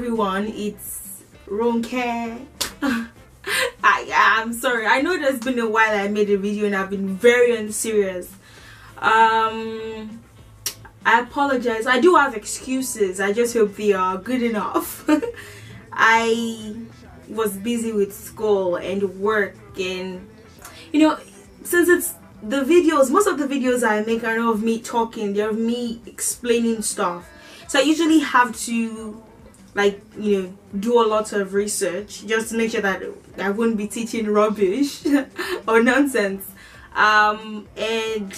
everyone it's Ronke I am sorry I know there's been a while I made a video and I've been very unserious um I apologize I do have excuses I just hope they are good enough I was busy with school and work and you know since it's the videos most of the videos I make are not of me talking they're of me explaining stuff so I usually have to like you know do a lot of research just to make sure that I wouldn't be teaching rubbish or nonsense um, and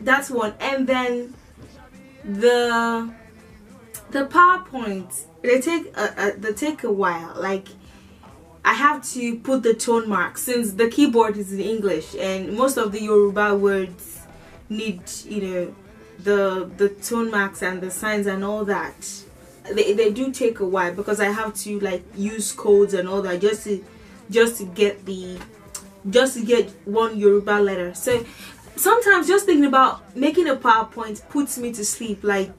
that's one and then the the PowerPoint they take a, a, they take a while like I have to put the tone mark since the keyboard is in English and most of the Yoruba words need you know the the tone marks and the signs and all that they, they do take a while because I have to like use codes and all that just to just to get the just to get one Yoruba letter. So sometimes just thinking about making a PowerPoint puts me to sleep. Like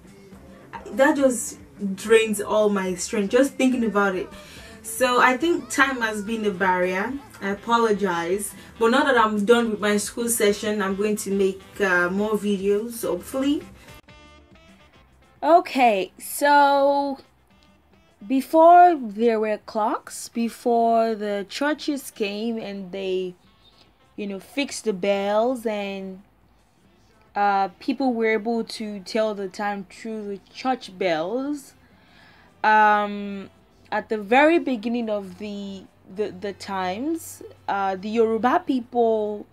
that just drains all my strength just thinking about it. So I think time has been a barrier. I apologize. But now that I'm done with my school session, I'm going to make uh, more videos, hopefully. Okay, so before there were clocks, before the churches came and they, you know, fixed the bells and uh, people were able to tell the time through the church bells. Um, at the very beginning of the the, the times, uh, the Yoruba people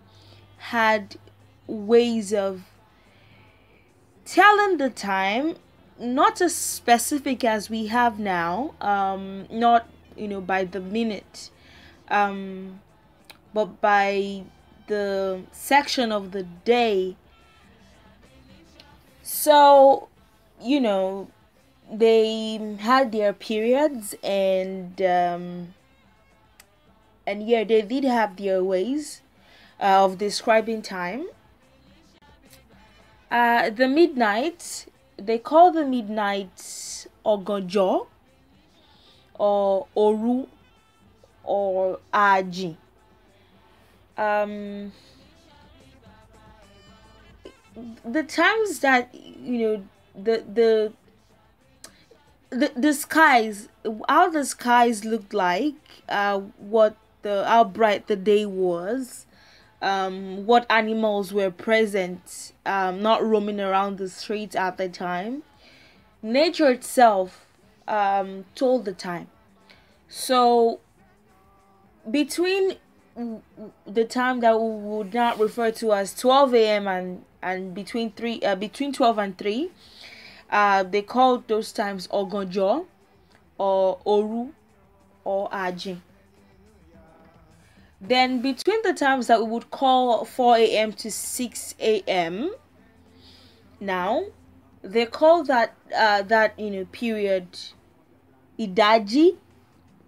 had ways of telling the time not as specific as we have now, um, not you know by the minute, um, but by the section of the day. So, you know, they had their periods and um, and yeah, they did have their ways uh, of describing time. Uh, the midnight they call the midnight ogojo or oru or aji um the times that you know the the the, the skies how the skies looked like uh what the how bright the day was um, what animals were present, um, not roaming around the streets at the time. Nature itself um, told the time. So, between the time that we would not refer to as 12 a.m. and and between three uh, between 12 and 3, uh, they called those times Ogonjo or Oru or Ajin. Then between the times that we would call 4 a.m. to 6 a.m. now, they call that uh, that you know period idaji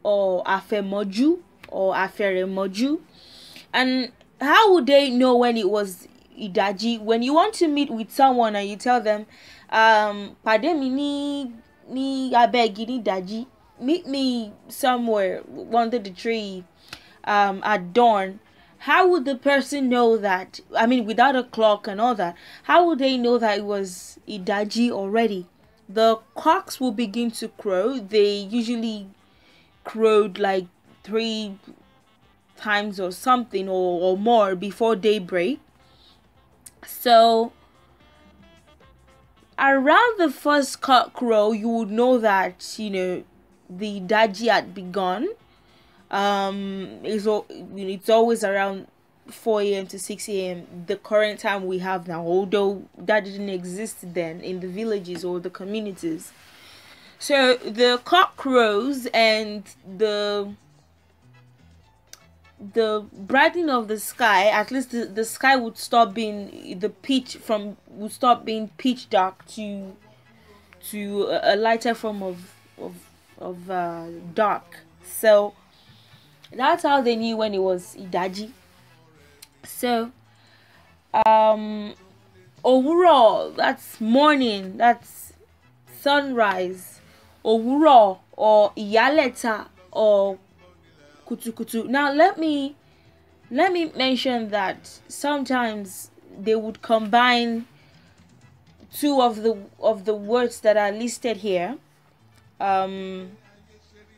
or afemoju or aferemoju. And how would they know when it was idaji? When you want to meet with someone and you tell them, um, pàdé mi ní ní abẹ́ ní ìdájí, meet me somewhere under the tree um, at dawn how would the person know that i mean without a clock and all that how would they know that it was idaji already the cocks will begin to crow they usually crowed like three times or something or, or more before daybreak so around the first cock crow you would know that you know the idaji had begun um it's all it's always around 4 a.m to 6 a.m the current time we have now although that didn't exist then in the villages or the communities so the cock crows and the the brightening of the sky at least the, the sky would stop being the pitch from would stop being pitch dark to to a, a lighter form of of of uh, dark so that's how they knew when it was Idaji. So, um, overall, that's morning, that's sunrise, Owuro or yaleta or kutu. Now, let me let me mention that sometimes they would combine two of the of the words that are listed here um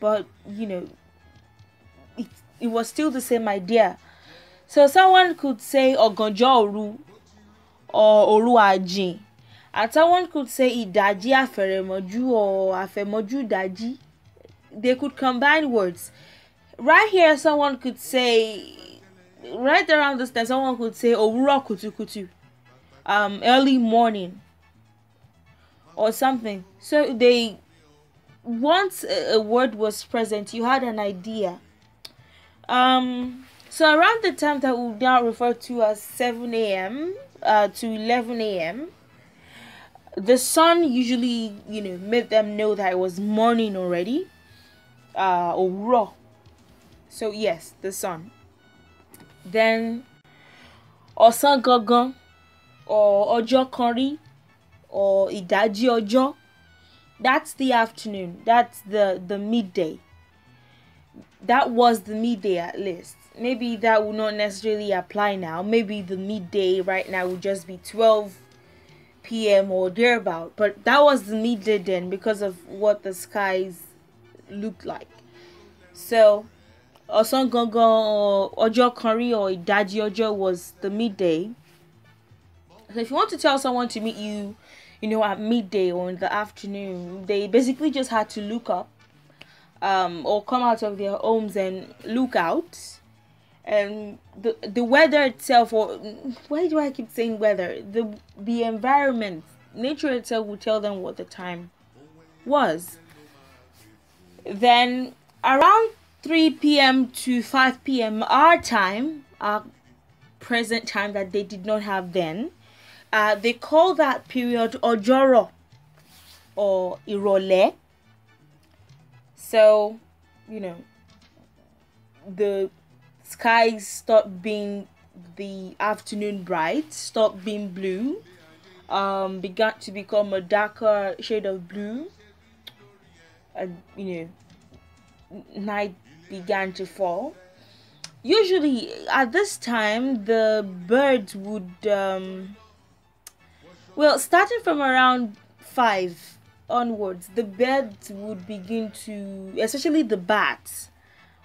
but you know it was still the same idea. So someone could say Ogonjo Oru or Oru Ajin. And someone could say Idaji Aferemoju or Afemoju Daji. They could combine words. Right here, someone could say, right around this time, someone could say Owuro Kutukutu, um, early morning or something. So they, once a word was present, you had an idea um, so around the time that we now refer to as 7 a.m. Uh, to 11 a.m., the sun usually, you know, made them know that it was morning already, uh, or raw. So yes, the sun. Then, ọ̀sán gogon or ọjọ́ kori, or ìdajì ọjọ́. That's the afternoon. That's the the midday that was the midday at least maybe that will not necessarily apply now maybe the midday right now would just be 12 p.m or thereabout but that was the midday then because of what the skies looked like so ọ̀sán gangan or ọjọ́ kan or Daji ọjọ́ was the midday so if you want to tell someone to meet you you know at midday or in the afternoon they basically just had to look up um, or come out of their homes and look out. And the the weather itself, or why do I keep saying weather? The the environment, nature itself, will tell them what the time was. Then around 3 p.m. to 5 p.m. our time, our present time that they did not have then, uh, they call that period Ojoro or Irole so, you know, the skies stopped being the afternoon bright, stopped being blue, um, began to become a darker shade of blue. And, you know, night began to fall. Usually at this time, the birds would, um, well, starting from around 5 onwards, the birds would begin to, especially the bats,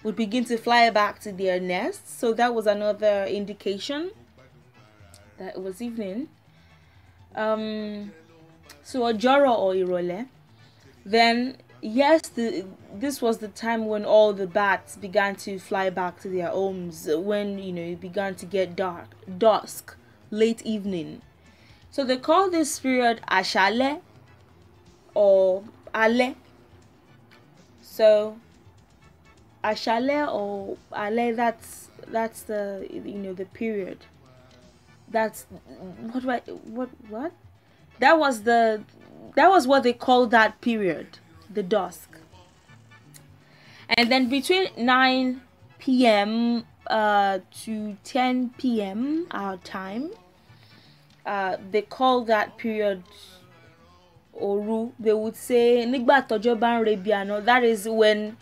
would begin to fly back to their nests. So that was another indication that it was evening. Um, so jaro or Irole. Then, yes, the, this was the time when all the bats began to fly back to their homes, when, you know, it began to get dark, dusk, late evening. So they call this period Ashale or ale. So ashale or ale that's that's the you know the period. That's what I, what what that was the that was what they called that period, the dusk. And then between 9 p.m. Uh, to 10 p.m. our time, uh, they call that period òru they would say nígbà tọ́jọ́ ban ń that is when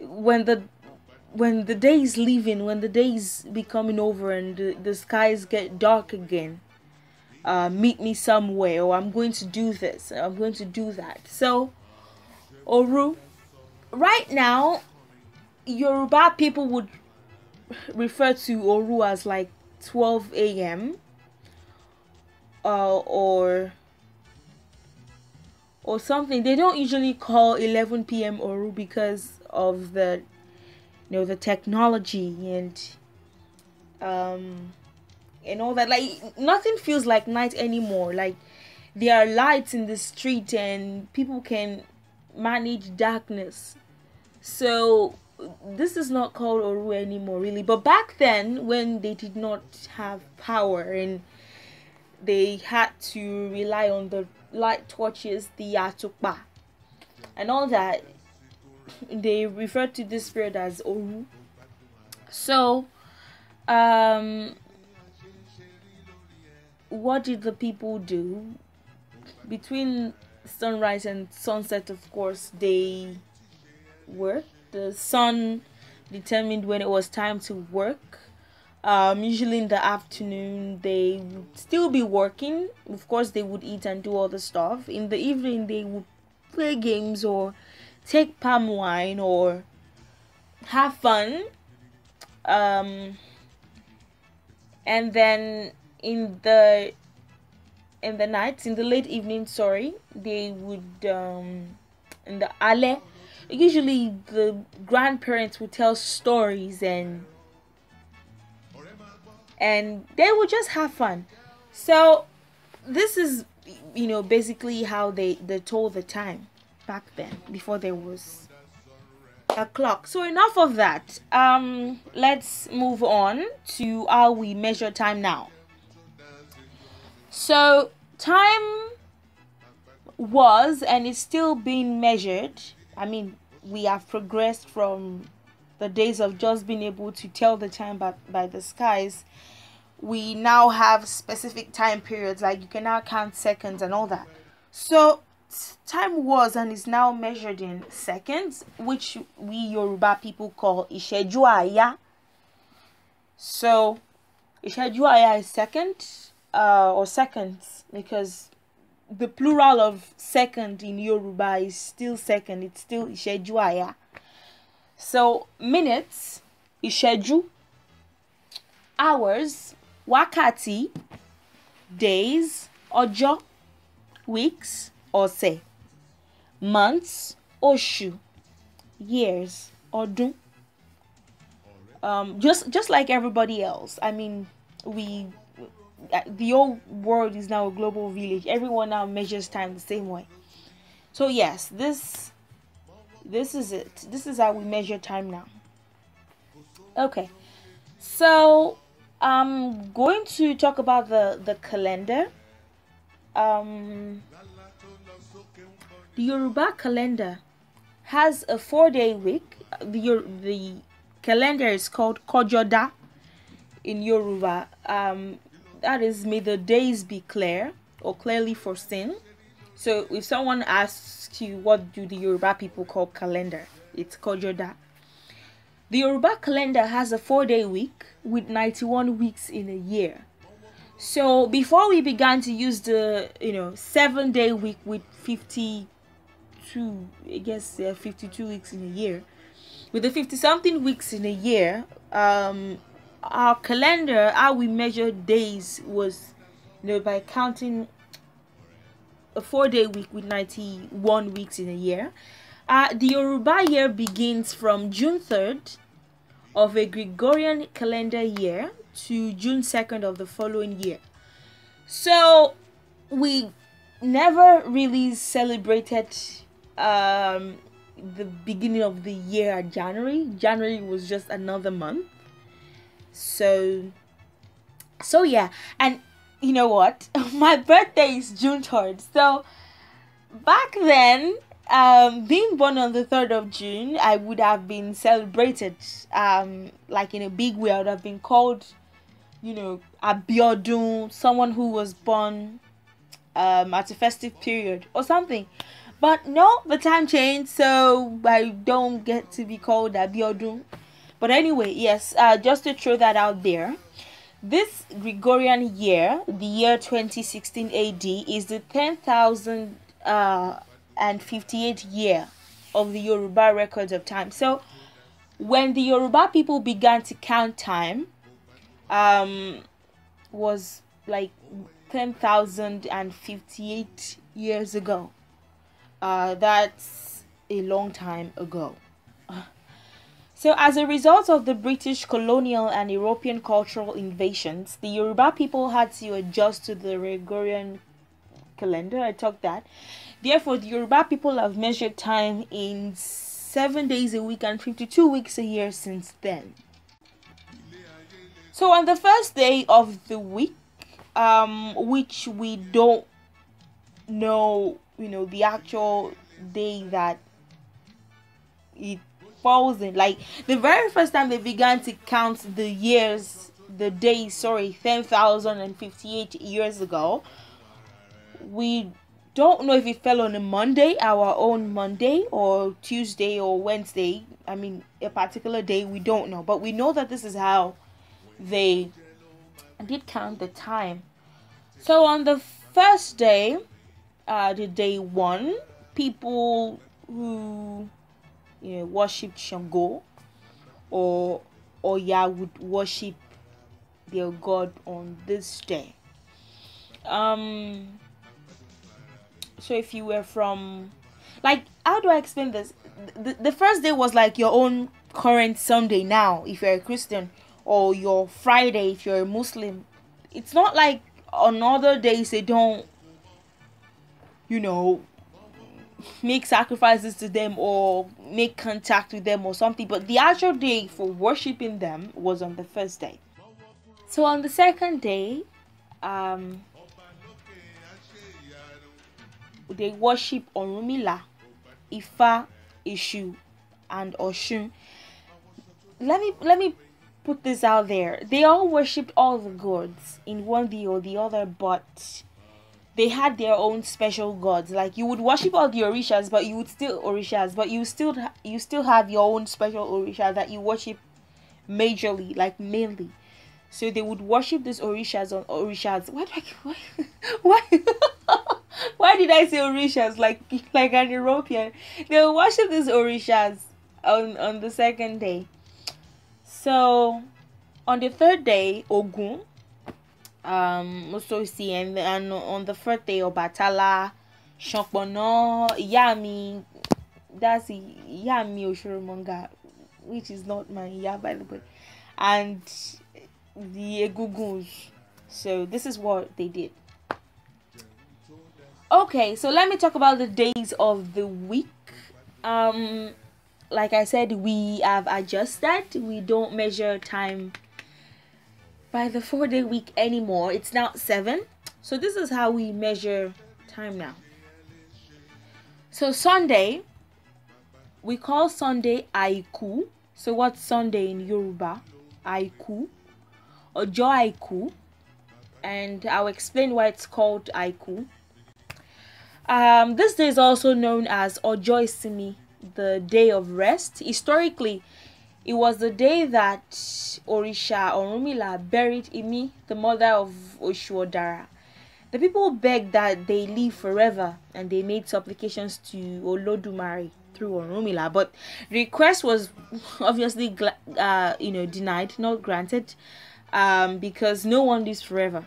when the when the day is leaving when the day is becoming over and the, the skies get dark again uh, meet me somewhere or I'm going to do this I'm going to do that so òru right now Yoruba people would refer to òru as like 12 a.m. Uh, or or something they don't usually call 11 p.m oru because of the you know the technology and um and all that like nothing feels like night anymore like there are lights in the street and people can manage darkness so this is not called oru anymore really but back then when they did not have power and they had to rely on the light torches, the Yatupa. And all that, they refer to this spirit as Oru. So, um, what did the people do? Between sunrise and sunset, of course, they worked. The sun determined when it was time to work um, usually in the afternoon they would still be working of course they would eat and do all the stuff in the evening they would play games or take palm wine or have fun um, and then in the in the nights in the late evening sorry they would um, in the alle. usually the grandparents would tell stories and and they would just have fun. So this is you know basically how they they told the time back then before there was a clock so enough of that um let's move on to how we measure time now so time was and is still being measured i mean we have progressed from the days of just being able to tell the time by, by the skies we now have specific time periods like you can now count seconds and all that so time was and is now measured in seconds which we yoruba people call isheju so isheju is second uh, or seconds because the plural of second in yoruba is still second it's still isheju so minutes, ìṣẹ́jú, hours, wákàtí, days, ọjọ́, weeks, ọ̀sẹ̀, months, oshu. years, odu. Um, just just like everybody else. I mean, we the old world is now a global village. Everyone now measures time the same way. So yes, this this is it. This is how we measure time now. Okay, so I'm going to talk about the, the calendar. Um, the Yoruba calendar has a four-day week. The, the calendar is called Kojoda in Yoruba. Um, that is, may the days be clear or clearly foreseen. So if someone asks you what do the Yoruba people call calendar, it's called Yoda. The Yoruba calendar has a four-day week with 91 weeks in a year. So before we began to use the you know seven-day week with 52, I guess 52 weeks in a year, with the 50-something weeks in a year, um, our calendar, how we measure days was you know by counting a four day week with 91 weeks in a year. Uh, the Yoruba year begins from June 3rd of a Gregorian calendar year to June 2nd of the following year. So we never really celebrated um, the beginning of the year January. January was just another month. So so yeah, and you know what? My birthday is June 3rd. So back then, um, being born on the 3rd of June, I would have been celebrated um, like in a big way. I would have been called, you know, a Abiodun, someone who was born um, at a festive period or something. But no, the time changed, so I don't get to be called a Abiodun. But anyway, yes, uh, just to throw that out there. This Gregorian year, the year 2016 AD, is the 10,058th uh, year of the Yoruba records of time. So, when the Yoruba people began to count time, um, was like 10,058 years ago. Uh, that's a long time ago. So, as a result of the British colonial and European cultural invasions, the Yoruba people had to adjust to the Gregorian calendar. I talked that. Therefore, the Yoruba people have measured time in seven days a week and 52 weeks a year since then. So, on the first day of the week, um, which we don't know, you know, the actual day that it thousand. Like the very first time they began to count the years, the days, sorry, ten thousand and fifty-eight years ago, we don't know if it fell on a Monday, our own Monday, or Tuesday or Wednesday. I mean, a particular day, we don't know. But we know that this is how they did count the time. So on the first day, uh, the day one, people who you know, Shango or Oya would worship their god on this day. Um, so if you were from, like, how do I explain this? The, the first day was like your own current Sunday now, if you're a Christian, or your Friday, if you're a Muslim. It's not like on other days they don't, you know, make sacrifices to them or make contact with them or something, but the actual day for worshipping them was on the first day. So on the second day, um, they worship Orumila, Ifa, Ishu, and Oshun. Let me let me put this out there. They all worshipped all the gods in one day or the other, but they had their own special gods. Like you would worship all the orishas, but you would still orishas, but you still you still have your own special orisha that you worship majorly, like mainly. So they would worship these orishas on orishas. Why I, why why, why did I say orishas like like an European? They would worship these orishas on on the second day. So on the third day, Ogun, um Ososi and, and on the first day of Obatala, shokbono Yami, that's Yami Oshurumonga, which is not my yeah, by the way, and the Eguguns. So this is what they did. Okay, so let me talk about the days of the week. Um, like I said, we have adjusted. We don't measure time by the four day week anymore. It's now seven. So this is how we measure time now. So Sunday, we call Sunday Aiku. So what's Sunday in Yoruba? Aiku. Ojo Aiku. And I'll explain why it's called Aiku. Um, this day is also known as Ojo Isimi, the day of rest. Historically, it was the day that Orisha Orumila buried Imi, the mother of Oshuodara. The people begged that they live forever and they made supplications to Olodumare through Orumila. but the request was obviously uh, you know denied, not granted, um, because no one lives forever.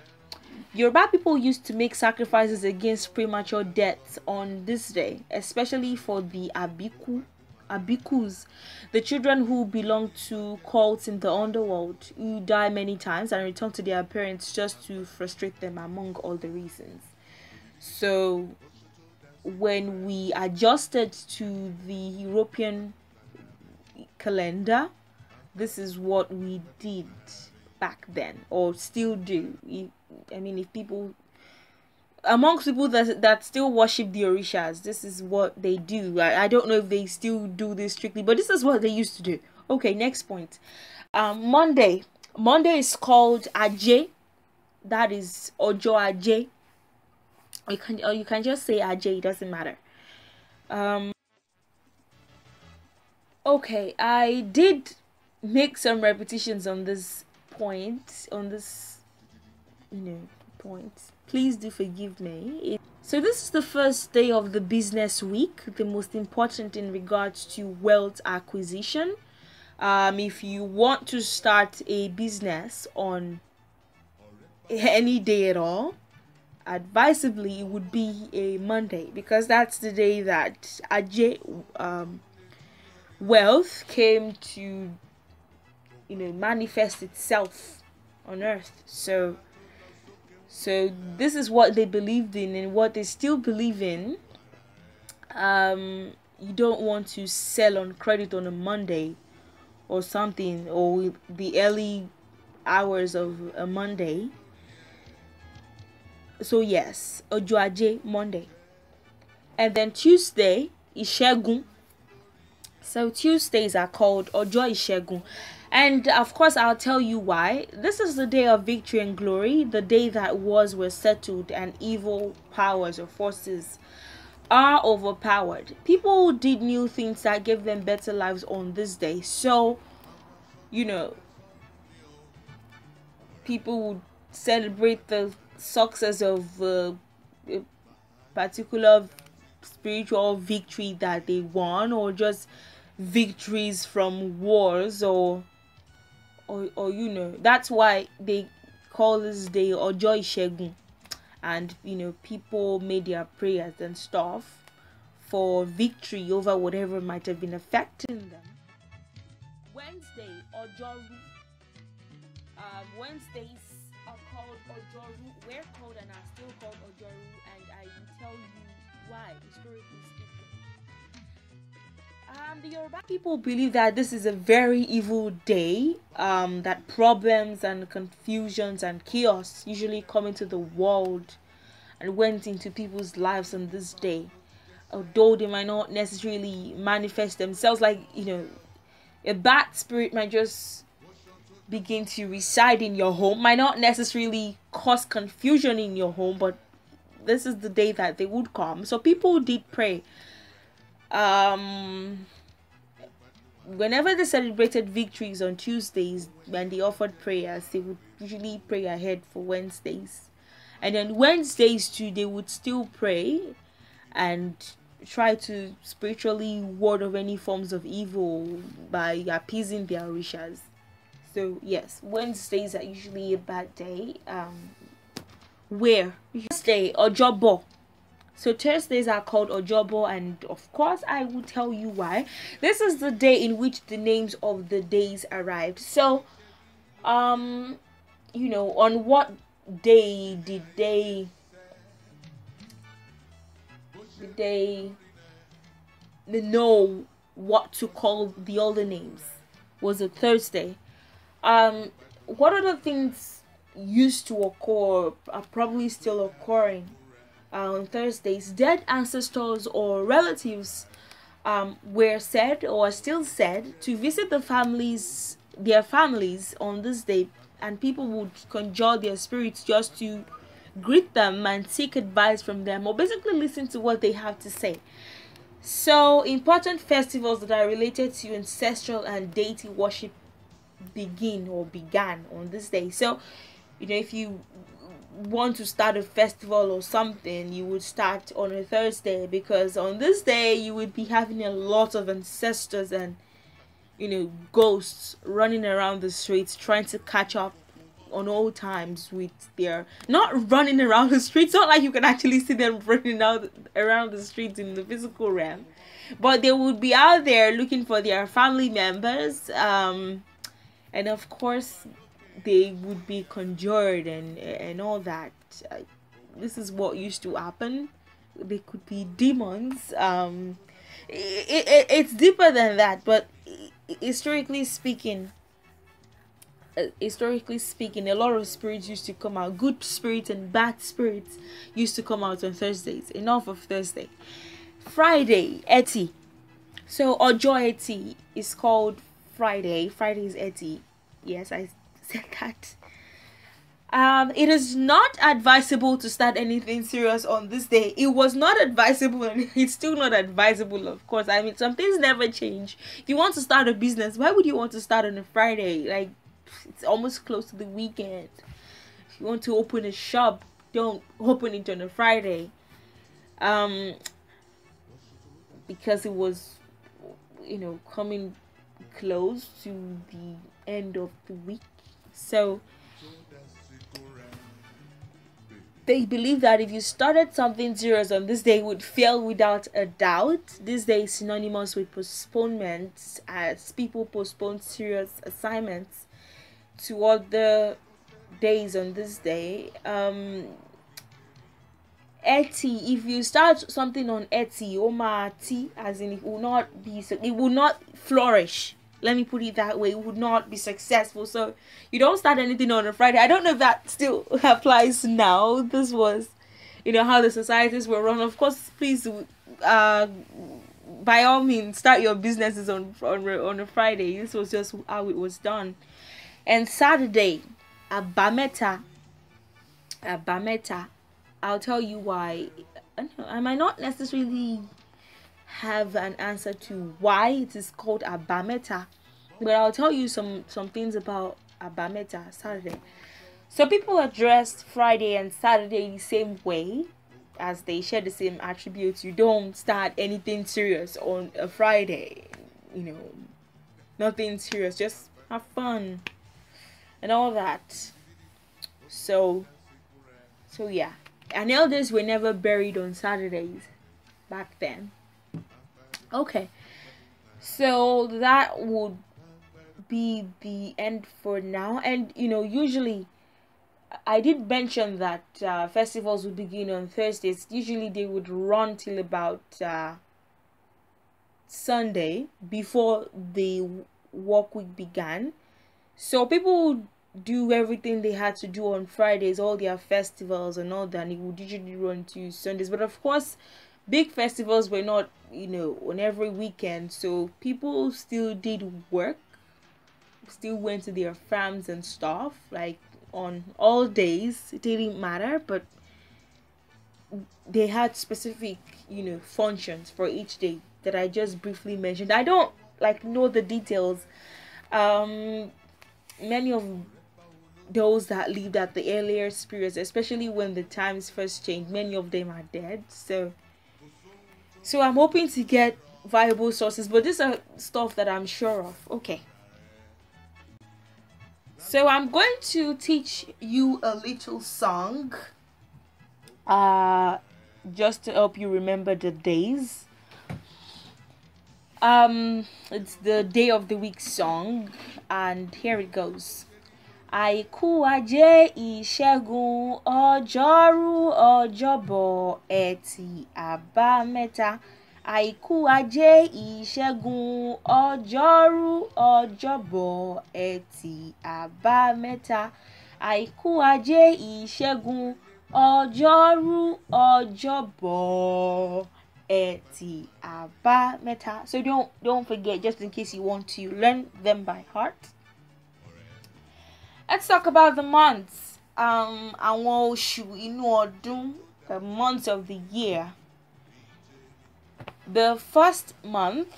Yoruba people used to make sacrifices against premature death on this day, especially for the Abiku Abikus, the children who belong to cults in the underworld, who die many times and return to their parents just to frustrate them, among all the reasons. So, when we adjusted to the European calendar, this is what we did back then, or still do. I mean, if people amongst people that that still worship the orishas this is what they do I, I don't know if they still do this strictly but this is what they used to do okay next point um monday monday is called ajay that is ojo ajay you can or you can just say ajay it doesn't matter um okay i did make some repetitions on this point on this you know point. Please do forgive me. So this is the first day of the business week, the most important in regards to wealth acquisition. Um, if you want to start a business on any day at all, advisably it would be a Monday because that's the day that Ajay um, wealth came to you know manifest itself on earth. So so this is what they believed in and what they still believe in. Um, you don't want to sell on credit on a Monday or something or the early hours of a Monday. So yes, Ojoaje Monday. And then Tuesday, Shagun. So Tuesdays are called Ọjọ́ Ìṣẹ́gun. And of course, I'll tell you why. This is the day of victory and glory, the day that wars were settled and evil powers or forces are overpowered. People did new things that gave them better lives on this day. So, you know, people would celebrate the success of uh, a particular spiritual victory that they won or just victories from wars or or, or you know that's why they call this day Ojo Ishegun and you know people made their prayers and stuff for victory over whatever might have been affecting them Wednesday Ojoru um, Wednesdays are called Ojoru we're called and are still called Ojoru and I will tell you why historically um, the Yoruba people believe that this is a very evil day, um, that problems and confusions and chaos usually come into the world and went into people's lives on this day. Although they might not necessarily manifest themselves, like, you know, a bad spirit might just begin to reside in your home, might not necessarily cause confusion in your home, but this is the day that they would come. So people did pray um, whenever they celebrated victories on Tuesdays and they offered prayers, they would usually pray ahead for Wednesdays. And then Wednesdays too, they would still pray and try to spiritually ward off any forms of evil by appeasing their wishes. So yes, Wednesdays are usually a bad day. Um, where Wednesday or Jobo so Thursdays are called Ojobo, and of course, I will tell you why. This is the day in which the names of the days arrived. So, um, you know, on what day did they did they know what to call the older names? Was it Thursday? Um, what other things used to occur are probably still occurring? uh, on Thursdays, dead ancestors or relatives um, were said or still said to visit the families, their families on this day, and people would conjure their spirits just to greet them and seek advice from them or basically listen to what they have to say. So, important festivals that are related to ancestral and deity worship begin or began on this day. So, you know, if you want to start a festival or something, you would start on a Thursday because on this day you would be having a lot of ancestors and you know ghosts running around the streets trying to catch up on all times with their not running around the streets not like you can actually see them running out around the streets in the physical realm but they would be out there looking for their family members um, and of course they would be conjured and and all that. Uh, this is what used to happen. They could be demons. Um, it, it, it's deeper than that, but historically speaking, uh, historically speaking, a lot of spirits used to come out. Good spirits and bad spirits used to come out on Thursdays. Enough of Thursday. Friday, Etty. So Ojo Etty is called Friday. Friday is Etty. Yes, I said that. Um, it is not advisable to start anything serious on this day. It was not advisable, and it's still not advisable, of course. I mean, some things never change. If you want to start a business, why would you want to start on a Friday? Like, it's almost close to the weekend. If you want to open a shop, don't open it on a Friday. Um, because it was, you know, coming close to the end of the week so they believe that if you started something serious on this day, would fail without a doubt. This day is synonymous with postponement, as people postpone serious assignments to other days on this day. Um, Etsy, if you start something on Etsy, Oma T, as in it will not be, it will not flourish let me put it that way would not be successful so you don't start anything on a friday i don't know if that still applies now this was you know how the societies were run of course please uh by all means start your businesses on on, on a friday this was just how it was done and saturday abameta abameta i'll tell you why i might not necessarily have an answer to why it is called Abameta, but I'll tell you some some things about Abameta Saturday. So people are dressed Friday and Saturday the same way as they share the same attributes. You don't start anything serious on a Friday, you know, nothing serious, just have fun and all that. So, so yeah, and elders were never buried on Saturdays back then. Okay. So that would be the end for now. And, you know, usually I did mention that uh, festivals would begin on Thursdays. Usually they would run till about uh, Sunday before the work week began. So people would do everything they had to do on Fridays, all their festivals and all that. And it would usually run to Sundays. But of course, big festivals were not you know on every weekend so people still did work still went to their farms and stuff like on all days it didn't matter but they had specific you know functions for each day that i just briefly mentioned i don't like know the details um many of those that lived at the earlier periods especially when the times first changed many of them are dead so so I'm hoping to get viable sources, but these are stuff that I'm sure of. Okay. So I'm going to teach you a little song. Uh just to help you remember the days. Um it's the day of the week song and here it goes. àìkú ajé ìṣẹ́gun ọjọ́rú ọjọ́bọ̀ ẹtì àbámẹ́ta àìkú ajé ìṣẹ́gun ọjọ́rú ọjọ́bọ̀ ẹtì àbámẹ́ta àìkú ajé ìṣẹ́gun ọjọ́rú ọjọ́bọ̀ ẹtì àbámẹ́ta. So don't don't forget just in case you want to learn them by heart. let's talk about the months um, àwọn oṣù know ọdún the months of the year the first month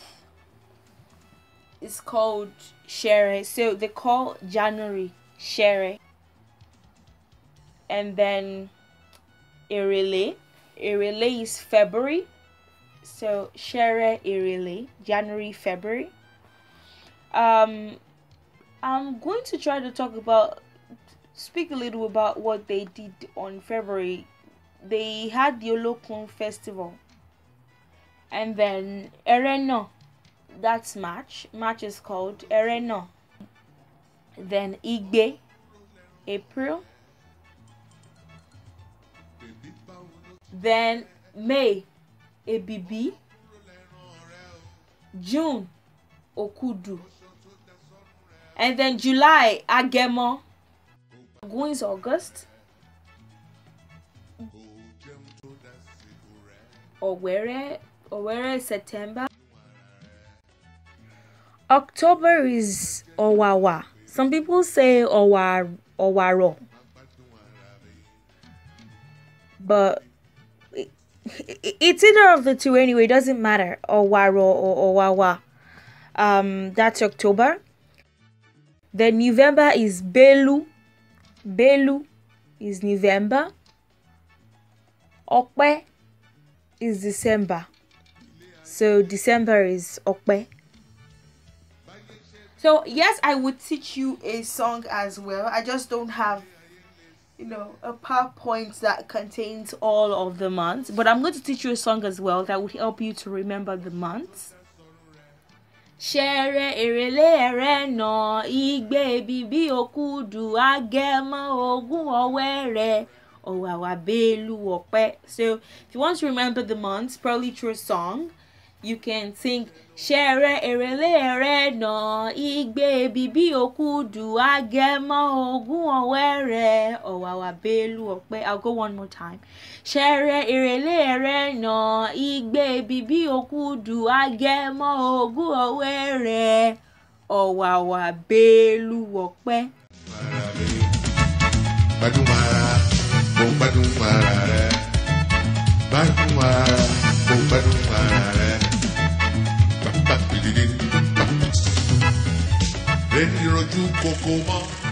is called Shere so they call January Shere and then Erele Erele is February so Shere Erele January February um I'm going to try to talk about, speak a little about what they did on February. They had the Olokun Festival. And then Ereno, that's March. March is called Ereno. Then Igbe, April. Then May, Ebibi. June, Okudu and then July Agemo. Going to August. Owere Owere is September. October is Owawa. Some people say Owar Owaro, but it's either of the two anyway. It doesn't matter. Owaro or Owawa. Um, that's October. Then November is Belu. Belu is November. Okpe is December. So December is Okpe. So yes, I would teach you a song as well. I just don't have you know a PowerPoint that contains all of the months, but I'm going to teach you a song as well that will help you to remember the months. ṣẹ̀rẹ̀ èrèlé ẹ̀rẹ́nà igbe bíbí òkúdù agẹmọ ogún ọwẹ́rẹ́ ọ̀wàwà bélú ọ̀pẹ. So if you want to remember the months, probably through a song you can sing. ṣẹ̀rẹ̀ èrèlé ẹ̀rẹ́ nà igbe bíbí òkúdù agẹmọ ogún ọ̀wẹ́ rẹ̀ ọ̀wàwà bélú ọ̀pẹ I'll go one more time. ṣẹ̀rẹ̀ èrèlé ẹ̀rẹ́ nà igbe bíbí òkúdù agẹmọ ogún ọ̀wẹ́ rẹ̀ ọ̀wàwà bélú ọ̀pẹ. gbádùn ara mo gbádùn ara Then you're a Jukokoma.